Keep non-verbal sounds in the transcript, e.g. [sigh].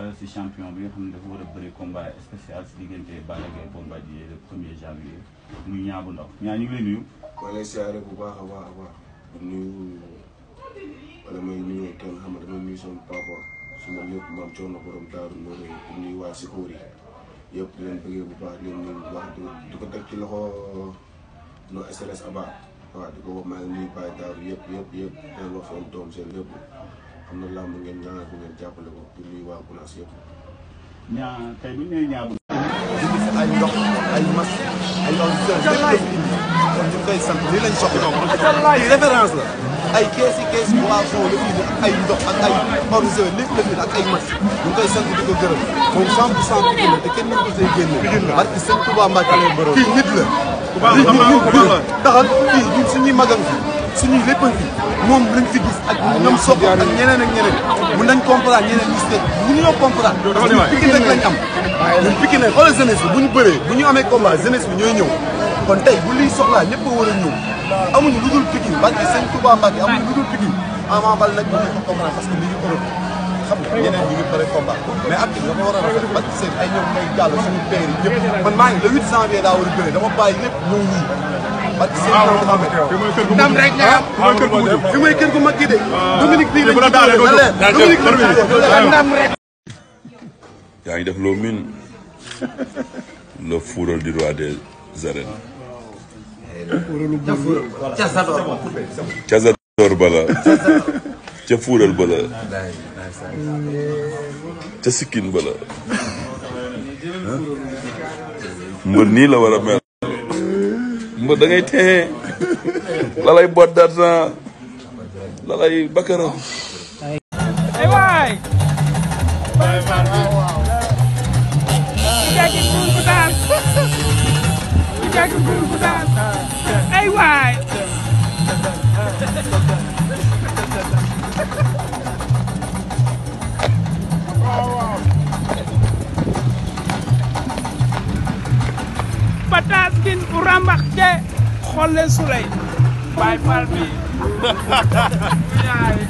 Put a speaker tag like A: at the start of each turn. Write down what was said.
A: Euh, si champion bi nga xam ne dafa war a bëri combat spécial si diggante Balla Gaye Bombardier le premier janvier muy Niang bu Ndaw Niang ñu ngi lay nuyu. maa ngi lay siyaare bu baax a baax a baax di nuyu wala may nuyu kenn xam ne damay nuyu sama papa suma lépp maam coono borom daaru noonu di nuyu waa Sikóor yi yëpp di leen bëggee bu baax di leen nuyu bu baax di ko teg ci loxo no SRS Aba waaw di ko wax maa ngi nuyu Baye Daaru yëpp yëpp yëpp di leen wax seen doom seen lépp. am na la.
B: ay keesi keesi boisson la fii ak ay ndox ak ay ordinateurs lépp la fii ak ay mas ñu koy sant di ko gërëm moom 100% Pikine la te kenn mënu ko see génne. parce que sëñ Touba Mbacke lay borom. kii nit la. kii nit la taxal suñuy lépp a fi moom lañ ak ñoom soog ak mun nañ comprendre ñeneen ñi si dëkk bu ñu ñoo comprendre. suñu Pikine rek lañ am. ñun Pikine rek xoolal jeunesse bi bu ñu bëree bu ñu amee combat jeunesse bi ñooy ñëw kon tey bu liy soxlaa ñëpp a war a ñëw amuñu lu dul Pikine barke sëñ Touba Mbacke amuñu lu dul nag mën nañ ko comprendre parce que mi ngi Europe xam nga ñeneen ñi ngi pare combat mais ak dafa war a rafet barke sëñ ay ngi le Ah, ah. ah.
C: yaa ngi def loo miin le fuural du roi des arènes. casador bala ca fuural bala ca sikkin bala mbër la war a mbër da ngay téye la lay boot d'argent la lay bakara waay taskin bu rambax te xolle sulay bay
A: fal bi [laughs]